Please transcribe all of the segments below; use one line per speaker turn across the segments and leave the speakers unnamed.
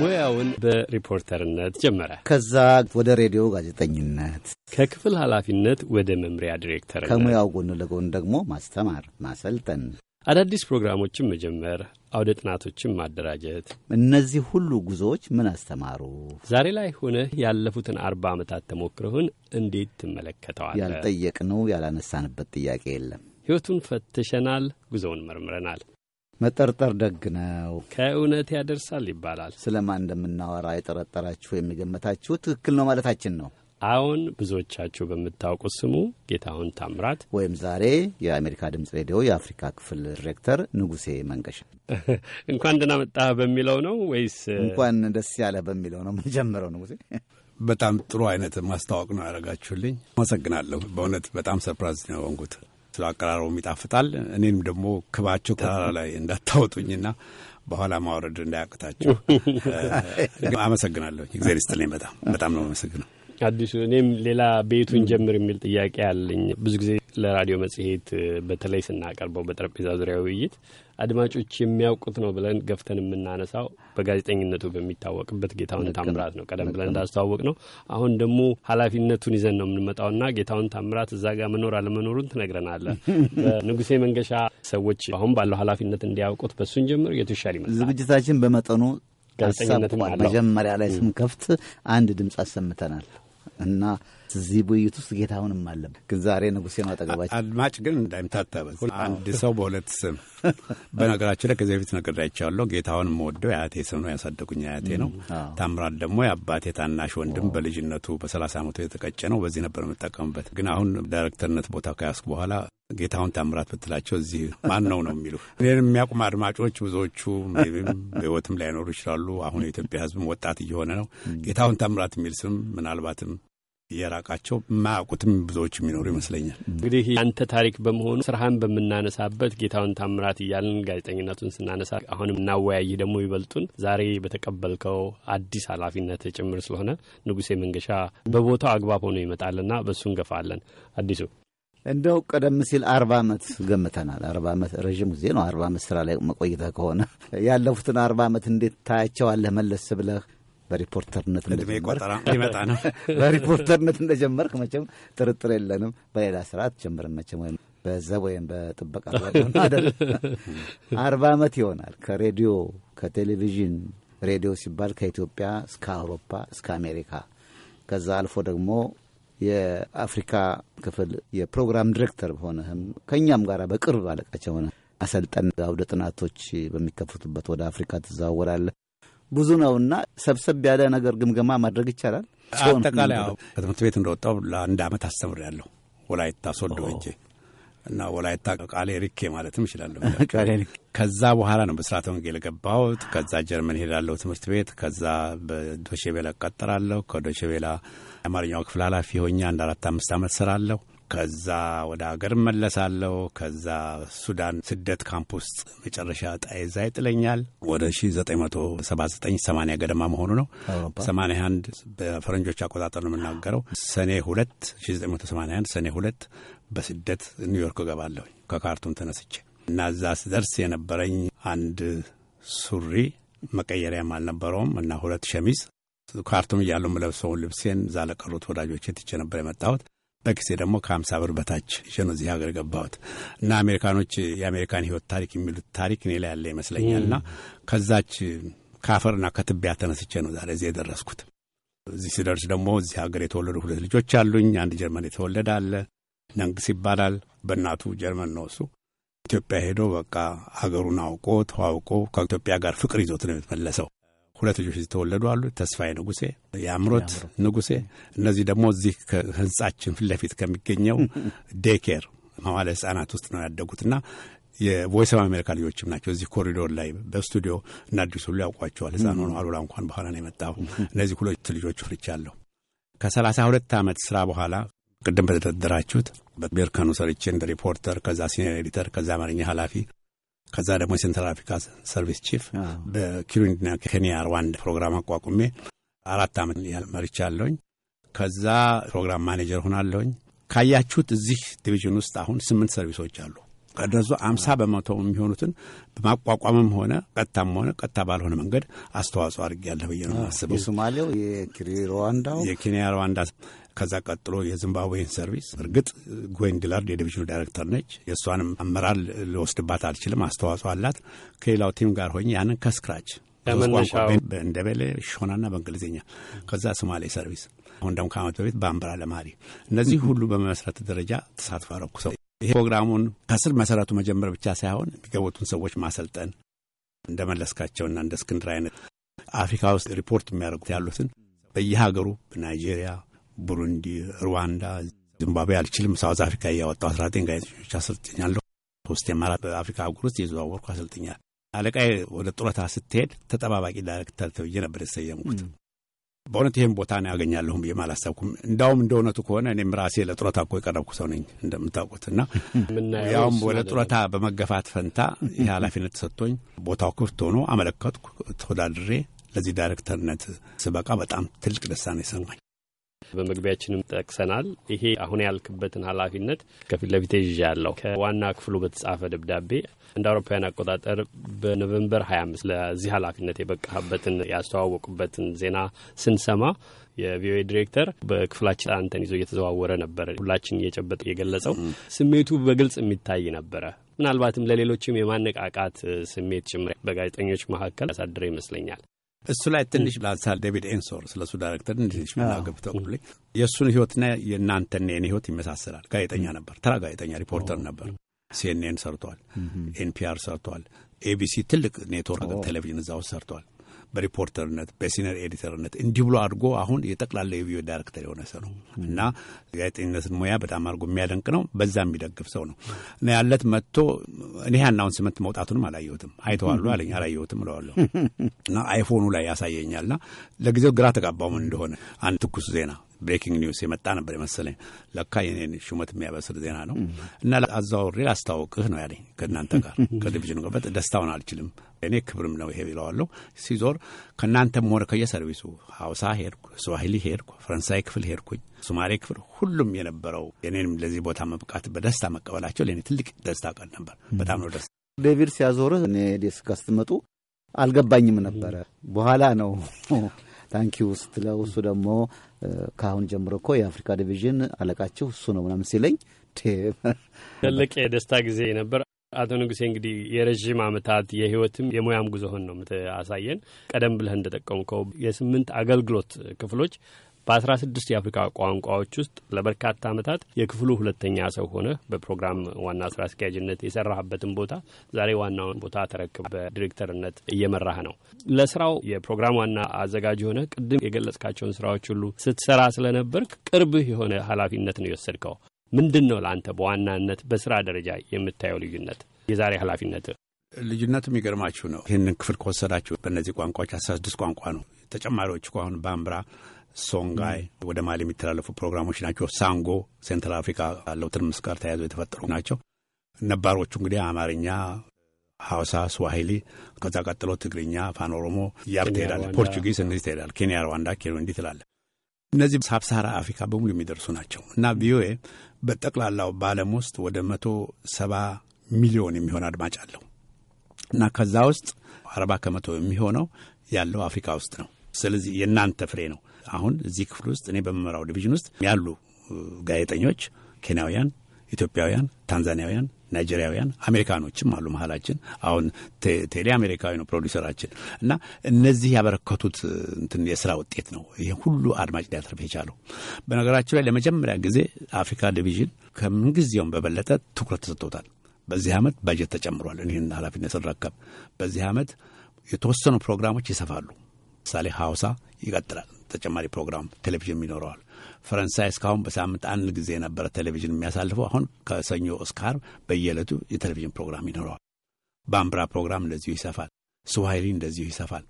ሙያውን በሪፖርተርነት ጀመረ። ከዛ ወደ ሬዲዮ ጋዜጠኝነት፣ ከክፍል ኃላፊነት ወደ መምሪያ ዲሬክተር፣ ከሙያው ጎን ለጎን ደግሞ ማስተማር፣ ማሰልጠን፣
አዳዲስ ፕሮግራሞችን መጀመር፣ አውደ ጥናቶችን ማደራጀት፣
እነዚህ ሁሉ ጉዞዎች ምን አስተማሩ?
ዛሬ ላይ ሆነህ ያለፉትን አርባ ዓመታት ተሞክረውን እንዴት ትመለከተዋል?
ያልጠየቅነው ያላነሳንበት ጥያቄ የለም።
ሕይወቱን ፈትሸናል፣
ጉዞውን መርምረናል። መጠርጠር ደግ ነው፣ ከእውነት ያደርሳል ይባላል። ስለማን እንደምናወራ የጠረጠራችሁ የሚገመታችሁ ትክክል ነው ማለታችን ነው። አሁን
ብዙዎቻችሁ
በምታውቁት ስሙ ጌታሁን ታምራት ወይም ዛሬ የአሜሪካ ድምፅ ሬዲዮ የአፍሪካ ክፍል ዲሬክተር ንጉሴ መንገሻ እንኳን ደህና በሚለው ነው ወይስ እንኳን ደስ ያለ በሚለው ነው የምንጀምረው? ንጉሴ በጣም ጥሩ አይነት ማስታወቅ ነው ያደረጋችሁልኝ።
አመሰግናለሁ። በእውነት በጣም ሰርፕራይዝ ነው የሆንኩት። ስለ አቀራረቡም ይጣፍጣል። እኔንም ደግሞ ክባቸው ተራራ ላይ እንዳታወጡኝና በኋላ ማውረድ እንዳያቅታቸው አመሰግናለሁ። እግዚአብሔር ይስጥልኝ። በጣም በጣም ነው አመሰግነው። አዲሱ እኔም ሌላ
ቤቱን ጀምር የሚል ጥያቄ አለኝ። ብዙ ጊዜ ለራዲዮ መጽሔት በተለይ ስናቀርበው በጠረጴዛ ዙሪያ ውይይት አድማጮች የሚያውቁት ነው ብለን ገፍተን የምናነሳው በጋዜጠኝነቱ በሚታወቅበት ጌታውን ታምራት ነው። ቀደም ብለን እንዳስተዋወቅ ነው። አሁን ደግሞ ኃላፊነቱን ይዘን ነው የምንመጣውና ጌታውን ታምራት እዛ ጋር መኖር አለመኖሩን ትነግረናለህ። በንጉሴ መንገሻ ሰዎች አሁን ባለው ኃላፊነት እንዲያውቁት በሱን ጀምር የቱሻል
ይመስላል? ዝግጅታችን በመጠኑ ጋዜጠኝነት መጀመሪያ ላይ ስንከፍት አንድ ድምፅ አሰምተናል። እና እዚህ ውይይት ውስጥ ጌታሁንም አለም ግን ዛሬ ንጉሴ ነው አጠገባቸው።
አድማጭ ግን እንዳይምታታበት አንድ ሰው በሁለት ስም በነገራችን ላይ ከዚህ በፊት ነግሬያቸዋለሁ። ጌታሁን የምወደው የአያቴ ስም ነው፣ ያሳደጉኝ አያቴ ነው። ታምራት ደግሞ የአባቴ ታናሽ ወንድም በልጅነቱ በሰላሳ ዓመቱ የተቀጨ ነው። በዚህ ነበር የምጠቀምበት። ግን አሁን ዳይሬክተርነት ቦታ ከያዝኩ በኋላ ጌታሁን ታምራት ብትላቸው እዚህ ማን ነው ነው የሚሉ እኔን የሚያውቁም አድማጮች ብዙዎቹ በሕይወትም ላይኖሩ ይችላሉ። አሁን የኢትዮጵያ ህዝብም ወጣት እየሆነ ነው። ጌታሁን ታምራት የሚል ስም ምናልባትም የራቃቸው ማያውቁትም ብዙዎች የሚኖሩ ይመስለኛል። እንግዲህ አንተ ታሪክ በመሆኑ ስራህን በምናነሳበት
ጌታውን ታምራት እያልን ጋዜጠኝነቱን ስናነሳ አሁንም እናወያይህ ደግሞ ይበልጡን ዛሬ በተቀበልከው አዲስ ኃላፊነት ጭምር ስለሆነ ንጉሴ መንገሻ በቦታው አግባብ ሆኖ ይመጣልና
በእሱ እንገፋለን። አዲሱ እንደው ቀደም ሲል አርባ ዓመት ገምተናል። አርባ ዓመት ረዥም ጊዜ ነው። አርባ ዓመት ስራ ላይ መቆይተህ ከሆነ ያለፉትን አርባ ዓመት እንዴት ታያቸዋለህ መለስ ብለህ በሪፖርተርነት ሊመጣ ነው። በሪፖርተርነት እንደጀመርክ መቼም ጥርጥር የለንም። በሌላ ስራ አትጀምርም መቼም ወይም በዘብ ወይም በጥበቃ አይደል? አርባ ዓመት ይሆናል ከሬዲዮ ከቴሌቪዥን ሬዲዮ ሲባል ከኢትዮጵያ እስከ አውሮፓ እስከ አሜሪካ ከዛ አልፎ ደግሞ የአፍሪካ ክፍል የፕሮግራም ዲሬክተር በሆነህም ከእኛም ጋር በቅርብ አለቃቸው ሆነ አሰልጠን አውደ ጥናቶች በሚከፈቱበት ወደ አፍሪካ ትዘዋወራለህ። ብዙ ነውና ሰብሰብ ያለ ነገር ግምገማ ማድረግ ይቻላል።
አጠቃላይ በትምህርት ቤት እንደወጣው ለአንድ ዓመት ያለሁ ወላይታ ሶዶ እጄ እና ወላይታ ቃሌ ሪኬ ማለትም እችላለሁ። ከዛ በኋላ ነው በስርዓተ ወንጌል የገባሁት። ከዛ ጀርመን ሄዳለሁ ትምህርት ቤት። ከዛ በዶሼቤላ እቀጠራለሁ። ከዶሼቤላ የአማርኛው ክፍል ኃላፊ ሆኜ አንድ አራት አምስት ዓመት ስራለሁ። ከዛ ወደ ሀገር መለሳለሁ። ከዛ ሱዳን ስደት ካምፕ ውስጥ መጨረሻ ጣይዛ ይጥለኛል። ወደ 1979/80 ገደማ መሆኑ ነው። 81 በፈረንጆች አቆጣጠር ነው የምናገረው። ሰኔ 2 1981 ሰኔ 2 በስደት ኒውዮርክ እገባለሁ ከካርቱም ተነስቼ እና እዛ ስደርስ የነበረኝ አንድ ሱሪ መቀየሪያም አልነበረውም እና ሁለት ሸሚዝ ካርቱም እያለሁ የምለብሰውን ልብሴን እዛ ለቀሩት ወዳጆቼ ትቼ ነበር የመጣሁት። በኪሴ ደግሞ ከሀምሳ ብር በታች ይዤ ነው እዚህ ሀገር ገባሁት እና አሜሪካኖች የአሜሪካን ህይወት ታሪክ የሚሉት ታሪክ እኔ ላይ ያለ ይመስለኛልና ከዛች ካፈርና ከትቢያ ተነስቼ ነው ዛሬ እዚህ የደረስኩት። እዚህ ስደርስ ደግሞ እዚህ ሀገር የተወለዱ ሁለት ልጆች አሉኝ። አንድ ጀርመን የተወለደ አለ፣ ነንግስ ይባላል። በእናቱ ጀርመን ነው እሱ። ኢትዮጵያ ሄዶ በቃ ሀገሩን አውቆ ተዋውቆ ከኢትዮጵያ ጋር ፍቅር ይዞት ነው የተመለሰው። ሁለት ልጆች የተወለዱ አሉ። ተስፋዬ ንጉሴ፣ የአእምሮት ንጉሴ። እነዚህ ደግሞ እዚህ ህንጻችን ፊት ለፊት ከሚገኘው ዴኬር መዋለ ህጻናት ውስጥ ነው ያደጉትና የቮይስ ኦፍ አሜሪካ ልጆችም ናቸው። እዚህ ኮሪዶር ላይ በስቱዲዮ እናዲሱ አዲሱ ሁሉ ያውቋቸዋል። ህፃን ሆነ አሉላ እንኳን በኋላ ነው የመጣሁ። እነዚህ ሁለት ልጆች ፍርቻለሁ። ከሰላሳ ሁለት ዓመት ስራ በኋላ ቅድም በተደረደራችሁት በቤርከኑ ሰርቼ እንደ ሪፖርተር፣ ከዛ ሲኒየር ኤዲተር፣ ከዛ አማርኛ ኃላፊ ከዛ ደግሞ የሴንትራል አፍሪካ ሰርቪስ ቺፍ በኪሩንና ኬንያ ሩዋንዳ ፕሮግራም አቋቁሜ አራት ዓመት መርቻለሁኝ። ከዛ ፕሮግራም ማኔጀር ሆናለሁኝ። ካያችሁት እዚህ ዲቪዥን ውስጥ አሁን ስምንት ሰርቪሶች አሉ። ከእነዛ አምሳ በመቶ የሚሆኑትን በማቋቋምም ሆነ ቀጥታም ሆነ ቀጥታ ባልሆነ መንገድ አስተዋጽኦ አድርጌያለሁ ብዬ ነው የማስበው። የሶማሌው፣ የሩዋንዳው፣ የኬንያ ሩዋንዳ ከዛ ቀጥሎ የዚምባብዌን ሰርቪስ እርግጥ ጎይን ዲላርድ የዲቪዥኑ ዳይሬክተር ነች። የእሷንም አመራር ልወስድባት አልችልም። አስተዋጽኦ አላት። ከሌላው ቲም ጋር ሆኜ ያንን ከስክራች በእንደበሌ ሾናና በእንግሊዝኛ ከዛ ሶማሌ ሰርቪስ አሁን ደግሞ ከአመት በፊት በአንበራ ለማሪ እነዚህ ሁሉ በመመስረት ደረጃ ተሳትፎ አረኩ ሰው ይህ ፕሮግራሙን ከስር መሰረቱ መጀመር ብቻ ሳይሆን የሚገቡትን ሰዎች ማሰልጠን እንደመለስካቸውና እንደ እስክንድር አይነት አፍሪካ ውስጥ ሪፖርት የሚያደርጉት ያሉትን በየሀገሩ በናይጄሪያ፣ ቡሩንዲ፣ ሩዋንዳ፣ ዚምባብዌ አልችልም። ሳውዝ አፍሪካ እያወጣው አስራ ዘጠኝ ጋዜጠኞች አሰልጥኛለሁ። ሶስት የማራት በአፍሪካ አህጉር ውስጥ የዘዋወርኩ አሰልጥኛል። አለቃዬ ወደ ጡረታ ስትሄድ ተጠባባቂ ዳይሬክተር ተብዬ ነበር የተሰየምኩት። በእውነት ይህም ቦታ ነው ያገኛለሁም ብዬም አላሰብኩም። እንዳውም እንደ እውነቱ ከሆነ እኔም ራሴ ለጡረታ እኮ የቀረብኩ ሰው ነኝ እንደምታውቁት እና ያውም ወደ በመገፋት ፈንታ ይህ ኃላፊነት ቦታው ክፍት ሆኖ አመለከትኩ። ተወዳድሬ ለዚህ ዳይሬክተርነት ስበቃ በጣም ትልቅ ደስታ ነው የሰማኝ። በመግቢያችንም ጠቅሰናል።
ይሄ አሁን ያልክበትን ኃላፊነት ከፊት ለፊት ይዣለሁ። ከዋና ክፍሉ በተጻፈ ደብዳቤ እንደ አውሮፓውያን አቆጣጠር በኖቨምበር 25 ለዚህ ኃላፊነት የበቃህበትን ያስተዋወቁበትን ዜና ስንሰማ የቪኦኤ ዲሬክተር በክፍላችን አንተን ይዞ እየተዘዋወረ ነበረ። ሁላችን እየጨበጠ የገለጸው ስሜቱ በግልጽ የሚታይ ነበረ። ምናልባትም ለሌሎችም የማነቃቃት ስሜት ጭምር በጋዜጠኞች መካከል ያሳድረ ይመስለኛል።
እሱ ላይ ትንሽ ላንሳል። ዴቪድ ኤንሶር ስለ እሱ ዳይሬክተር ትንሽ ምናገብ ተቁልኝ። የእሱን ህይወትና የእናንተና የኔ ህይወት ይመሳሰላል። ጋዜጠኛ ነበር፣ ተራ ጋዜጠኛ ሪፖርተር ነበር። ሲኤንኤን ሰርቷል፣ ኤንፒአር ሰርቷል፣ ኤቢሲ ትልቅ ኔትወርክ ቴሌቪዥን እዛ ውስጥ ሰርቷል። በሪፖርተርነት በሲነር ኤዲተርነት እንዲህ ብሎ አድርጎ አሁን የጠቅላላ የቪዮ ዳይሬክተር የሆነ ሰው ነው እና ጋዜጠኝነትን ሙያ በጣም አድርጎ የሚያደንቅ ነው። በዛ የሚደግፍ ሰው ነው እና ያለት መጥቶ እኔ ያናውን ስምንት መውጣቱንም አላየሁትም። አይተዋሉ አለኝ። አላየሁትም እለዋለሁ እና አይፎኑ ላይ ያሳየኛልና ለጊዜው ግራ ተጋባውም እንደሆነ አንድ ትኩስ ዜና ብሬኪንግ ኒውስ የመጣ ነበር የመሰለኝ። ለካ የኔን ሹመት የሚያበስር ዜና ነው እና አዛውሬ ላስታውቅህ ነው ያለኝ። ከእናንተ ጋር ከዲቪዥኑ ጋር ደስታውን አልችልም እኔ ክብርም ነው ይሄ ብለዋለሁ። ሲዞር ከእናንተም ሆነ ከየሰርቪሱ ሀውሳ ሄድኩ፣ ስዋሂሊ ሄድኩ፣ ፈረንሳይ ክፍል ሄድኩኝ፣ ሱማሌ ክፍል ሁሉም የነበረው የኔንም ለዚህ ቦታ መብቃት በደስታ መቀበላቸው ለእኔ ትልቅ ደስታ ቃል ነበር። በጣም ነው ደስ
ዴቪድ ሲያዞርህ እኔ ዴስካ ስትመጡ አልገባኝም ነበረ። በኋላ ነው ታንኪዩ ስትለው እሱ ደግሞ ከአሁን ጀምሮ እኮ የአፍሪካ ዲቪዥን አለቃቸው እሱ ነው ምናምን ሲለኝ
ትልቅ የደስታ ጊዜ ነበር። አቶ ንጉሴ እንግዲህ የረዥም ዓመታት የህይወትም የሙያም ጉዞህን ነው የምታሳየን። ቀደም ብለህ እንደጠቀምከው የስምንት አገልግሎት ክፍሎች በ16 የአፍሪካ ቋንቋዎች ውስጥ ለበርካታ ዓመታት የክፍሉ ሁለተኛ ሰው ሆነ በፕሮግራም ዋና ስራ አስኪያጅነት የሰራህበትን ቦታ ዛሬ ዋናውን ቦታ ተረክበህ በዲሬክተርነት እየመራህ ነው። ለስራው የፕሮግራም ዋና አዘጋጅ የሆነ ቅድም የገለጽካቸውን ስራዎች ሁሉ ስትሰራ ስለነበርክ ቅርብህ የሆነ ኃላፊነት
ነው የወሰድከው። ምንድን ነው ለአንተ በዋናነት በስራ ደረጃ የምታየው ልዩነት የዛሬ ኃላፊነት? ልዩነት የሚገርማችሁ ነው። ይህንን ክፍል ከወሰዳችሁ በእነዚህ ቋንቋዎች አስራ ስድስት ቋንቋ ነው። ተጨማሪዎቹ ከአሁን ባምብራ ሶንጋይ ወደ ማሊ የሚተላለፉ ፕሮግራሞች ናቸው። ሳንጎ ሴንትራል አፍሪካ ያለው ትርምስ ጋር ተያይዞ የተፈጠሩ ናቸው። ነባሮቹ እንግዲህ አማርኛ፣ ሐውሳ፣ ስዋሂሊ ከዛ ቀጥሎ ትግርኛ፣ ፋን እያልክ ትሄዳለህ። ፖርቹጊዝ እንደዚህ ትሄዳለህ። ኬንያ፣ ሩዋንዳ፣ እንዲህ ትላለህ። እነዚህ ሳብሳራ አፍሪካ በሙሉ የሚደርሱ ናቸው እና ቪኦኤ በጠቅላላው በዓለም ውስጥ ወደ መቶ ሰባ ሚሊዮን የሚሆን አድማጭ አለው እና ከዛ ውስጥ አርባ ከመቶ የሚሆነው ያለው አፍሪካ ውስጥ ነው። ስለዚህ የእናንተ ፍሬ ነው። አሁን እዚህ ክፍል ውስጥ እኔ በመመራው ዲቪዥን ውስጥ ያሉ ጋዜጠኞች ኬንያውያን፣ ኢትዮጵያውያን፣ ታንዛኒያውያን፣ ናይጄሪያውያን፣ አሜሪካኖችም አሉ መሀላችን። አሁን ቴሌ አሜሪካዊ ነው ፕሮዲሰራችን እና እነዚህ ያበረከቱት እንትን የስራ ውጤት ነው ይህ ሁሉ አድማጭ ሊያተርፍ የቻለው። በነገራችን ላይ ለመጀመሪያ ጊዜ አፍሪካ ዲቪዥን ከምንጊዜውም በበለጠ ትኩረት ተሰጥቶታል። በዚህ ዓመት ባጀት ተጨምሯል። እኔን ኃላፊነት ስንረከብ በዚህ ዓመት የተወሰኑ ፕሮግራሞች ይሰፋሉ። ምሳሌ ሀውሳ ይቀጥላል። ተጨማሪ ፕሮግራም ቴሌቪዥን ይኖረዋል። ፈረንሳይ እስካሁን በሳምንት አንድ ጊዜ የነበረ ቴሌቪዥን የሚያሳልፈው አሁን ከሰኞ እስከ ዓርብ በየዕለቱ የቴሌቪዥን ፕሮግራም ይኖረዋል። ባምብራ ፕሮግራም እንደዚሁ ይሰፋል። ስዋሂሊ እንደዚሁ ይሰፋል።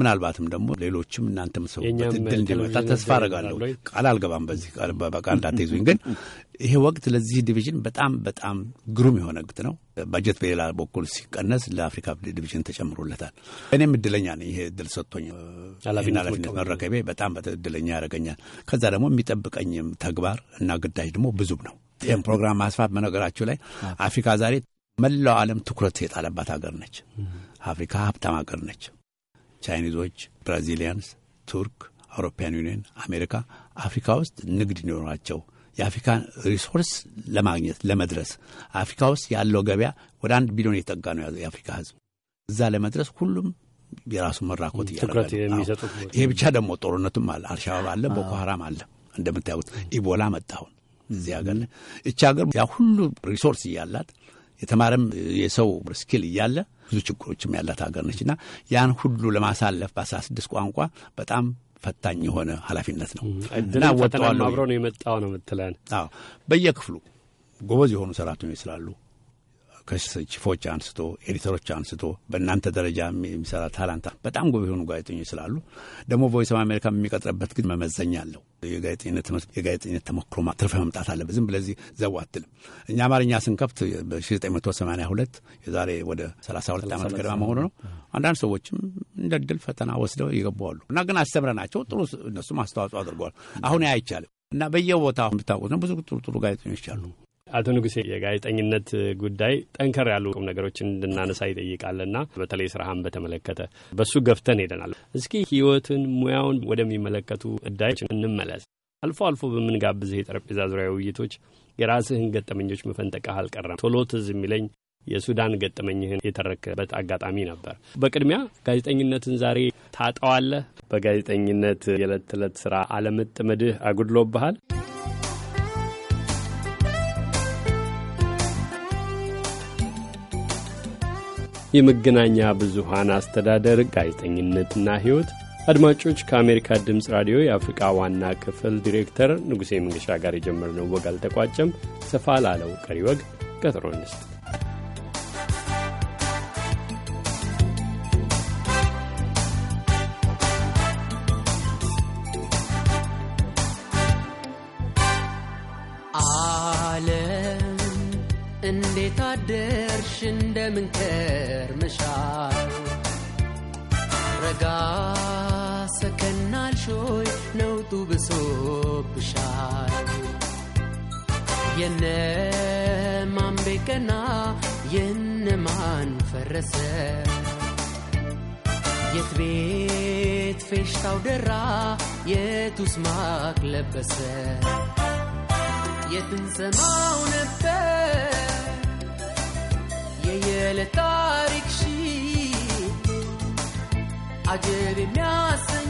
ምናልባትም ደግሞ ሌሎችም እናንተ ምሰቡበት እድል እንዲመጣ ተስፋ አረጋለሁ። ቃል አልገባም በዚህ በቃል እንዳትይዙኝ። ግን ይሄ ወቅት ለዚህ ዲቪዥን በጣም በጣም ግሩም የሆነ ወቅት ነው። ባጀት በሌላ በኩል ሲቀነስ ለአፍሪካ ዲቪዥን ተጨምሮለታል። እኔም እድለኛ ነኝ። ይሄ እድል ሰጥቶኝ ኃላፊነት መረከቤ በጣም እድለኛ ያደርገኛል። ከዛ ደግሞ የሚጠብቀኝም ተግባር እና ግዳጅ ደግሞ ብዙም ነው። ይህም ፕሮግራም ማስፋት በነገራችሁ ላይ አፍሪካ ዛሬ መላው ዓለም ትኩረት የጣለባት ሀገር ነች። አፍሪካ ሀብታም ሀገር ነች። ቻይኒዞች፣ ብራዚሊያንስ፣ ቱርክ፣ አውሮፓያን ዩኒየን፣ አሜሪካ አፍሪካ ውስጥ ንግድ ይኖራቸው የአፍሪካን ሪሶርስ ለማግኘት ለመድረስ አፍሪካ ውስጥ ያለው ገበያ ወደ አንድ ቢሊዮን የጠጋ ነው የአፍሪካ ህዝብ እዛ ለመድረስ ሁሉም የራሱ መራኮት እያደረገ ይሄ ብቻ ደግሞ ጦርነቱም አለ፣ አልሻባብ አለ፣ ቦኮ ሀራም አለ። እንደምታዩት ኢቦላ መጣሁን እዚህ ሀገር እቺ ሀገር ያ ሁሉ ሪሶርስ እያላት የተማረም የሰው ስኪል እያለ ብዙ ችግሮችም ያላት ሀገር ነች እና ያን ሁሉ ለማሳለፍ በአስራ ስድስት ቋንቋ በጣም ፈታኝ የሆነ ኃላፊነት ነው እና ወጥተዋል አብሮ ነው የመጣው ነው ምትለን። አዎ በየክፍሉ ጎበዝ የሆኑ ሰራተኞች ስላሉ ከጽፎች አንስቶ ኤዲተሮች አንስቶ በእናንተ ደረጃ የሚሰራ ታላንታ በጣም ጎበዝ የሆኑ ጋዜጠኞች ስላሉ ደግሞ ቮይስ ኦፍ አሜሪካ የሚቀጥረበት ግን መመዘኛ አለው። የጋዜጠኝነት ትምህርት የጋዜጠኝነት ተሞክሮ ትርፈ መምጣት አለበት። ዝም ብለዚህ ዘው አትልም። እኛ አማርኛ ስንከፍት በ1982 የዛሬ ወደ 32 ዓመት ገደማ መሆኑ ነው። አንዳንድ ሰዎችም እንደ ድል ፈተና ወስደው ይገባዋሉ እና ግን አስተምረናቸው ጥሩ እነሱም አስተዋጽኦ አድርገዋል። አሁን አይቻልም እና በየቦታው የምታውቁት ነው ብዙ ጥሩ ጥሩ ጋዜጠኞች አሉ። አቶ ንጉሴ የጋዜጠኝነት ጉዳይ ጠንከር ያሉ ቁም ነገሮችን
እንድናነሳ ይጠይቃልና በተለይ ስራህን በተመለከተ በሱ ገፍተን ሄደናል። እስኪ ህይወትን ሙያውን ወደሚመለከቱ እዳዮች እንመለስ። አልፎ አልፎ በምንጋብዝህ የጠረጴዛ ዙሪያ ውይይቶች የራስህን ገጠመኞች መፈንጠቅህ አልቀረም። ቶሎ ትዝ የሚለኝ የሱዳን ገጠመኝህን የተረከበት አጋጣሚ ነበር። በቅድሚያ ጋዜጠኝነትን ዛሬ ታጠዋለህ? በጋዜጠኝነት የዕለት ተዕለት ስራ አለመጠመድህ አጉድሎብሃል? የመገናኛ ብዙሃን አስተዳደር ጋዜጠኝነትና ሕይወት አድማጮች ከአሜሪካ ድምፅ ራዲዮ የአፍሪቃ ዋና ክፍል ዲሬክተር ንጉሴ መንገሻ ጋር የጀመርነው ወግ አልተቋጨም። ሰፋ ላለው ቀሪ ወግ ቀጥሮ እንስጥ።
እንዴት አደርሽ እንደምን ከርመሻል? ረጋ ሰከናል ሾይ ነውጡ ብሶብሻል። ማንቤቀና የነ ማን ፈረሰ የት ቤት ፌሽታው ደራ የቱስ ማቅ ለበሰ የትንሰማው ነበር E ele tare și Agere mea să